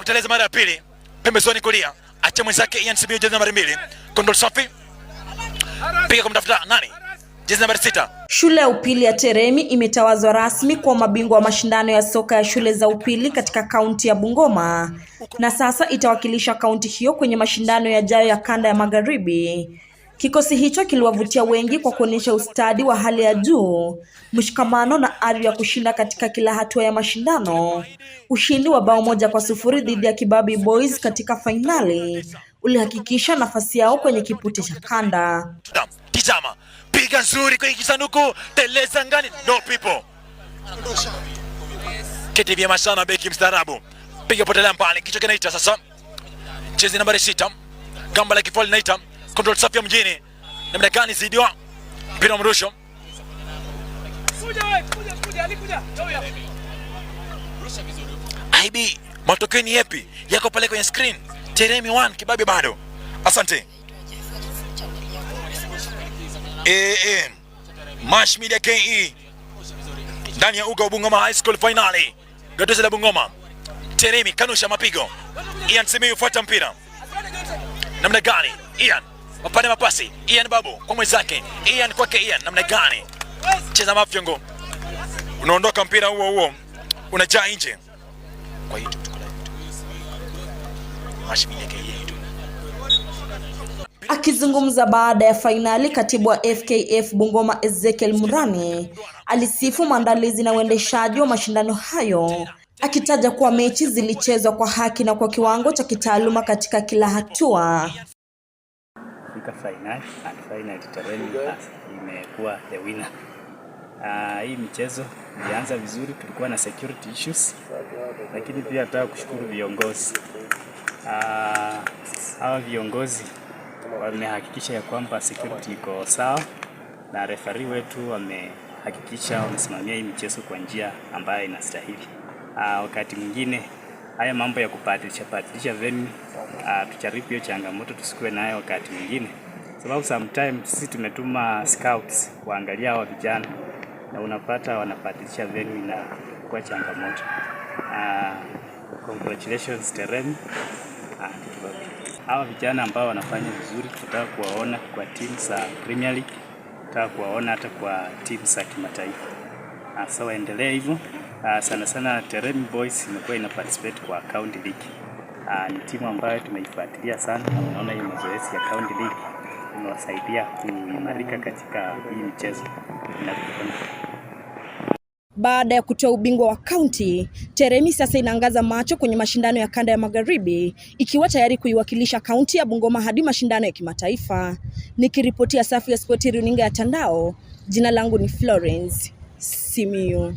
ya kuteleza mara ya pili pembezoni kulia, acha mwenzake Ian Sibio, jezi nambari mbili, kondol safi, piga kumtafuta nani, jezi nambari sita. Shule ya upili ya Teremi imetawazwa rasmi kwa mabingwa wa mashindano ya soka ya shule za upili katika kaunti ya Bungoma na sasa itawakilisha kaunti hiyo kwenye mashindano yajayo ya kanda ya Magharibi. Kikosi hicho kiliwavutia wengi kwa kuonyesha ustadi wa hali ya juu, mshikamano na ari ya kushinda katika kila hatua ya mashindano. Ushindi wa bao moja kwa sufuri dhidi ya Kibabi Boys katika fainali ulihakikisha nafasi yao kwenye kipute cha kanda. Tizama, piga nzuri kwenye kisanduku, teleza ngani, no people. Kete vya mashana beki mstaarabu. Piga potelea mbali, kichwa kinaita sasa. Chezi nambari sita, gamba la kifua linaita control safi ya mjini namna gani zidiwa mpira wa mrusho IB matokeo ni yapi? Yako pale kwenye screen. Teremi 1 kibabi bado. Asante. E, Mash Media KE ndani ya uga wa Bungoma High School finali. Gatuzi la Bungoma. Teremi kanusha mapigo. Ian Simiyu fuata mpira. Namna gani? Ian wapande mapasi Ian Babu kwa mwenzake Ian kwake Ian, namna gani? Cheza mafyongo, unaondoka mpira huo huo unajaa nje. Kwa hiyo Akizungumza baada ya fainali, katibu wa FKF Bungoma Ezekiel Murani alisifu maandalizi na uendeshaji wa mashindano hayo akitaja kuwa mechi zilichezwa kwa haki na kwa kiwango cha kitaaluma katika kila hatua kufika fainali and finally Teremi imekuwa the winner. Uh, hii michezo ilianza vizuri, tulikuwa na security issues, lakini pia nataka kushukuru viongozi ah, hawa. Uh, viongozi wamehakikisha ya kwamba security iko sawa na referee wetu wamehakikisha wamesimamia hii michezo kwa njia ambayo inastahili. Uh, wakati mwingine haya mambo ya kupadilisha padilisha venue uh, ah, tucharipio changamoto tusikuwe nayo wakati mwingine, sababu sometimes sisi tumetuma scouts kuangalia hawa vijana na unapata wanapadilisha venue na kuwa changamoto. Uh, congratulations Teremi. Uh, hawa vijana ambao wanafanya vizuri tutaka kuwaona kwa timu za Premier League, tutaka kuwaona hata kwa timu za kimataifa. Uh, so waendelee hivyo. Uh, sana sana Teremi Boys imekuwa ina participate kwa county league. Uh, ni timu ambayo tumeifuatilia sana na unaona hii mazoezi ya county league imewasaidia kuimarika katika hii michezo. Baada ya kutoa ubingwa wa kaunti, Teremi sasa inaangaza macho kwenye mashindano ya kanda ya magharibi ikiwa tayari kuiwakilisha kaunti ya Bungoma hadi mashindano ya kimataifa. Nikiripotia safu ya spoti runinga ya Tandao, jina langu ni Florence Simiyu.